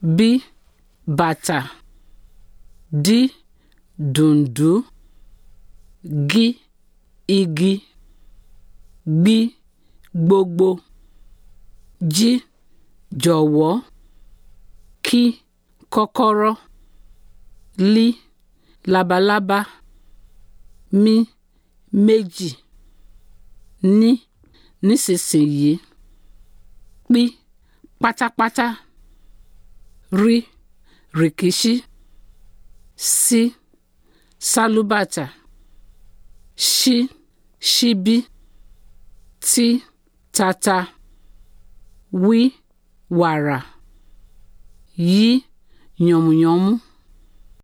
b bàtà d dùndú g igi B gbogbo G jọ̀wọ́ k kọ́kọ́rọ́ l labalábá m méjì n nísinsìnyí p pátápátá rí rìkíṣí sí sálúbàtà ṣí ṣíbí tí tata wí wàrà yí yànmùyánmú.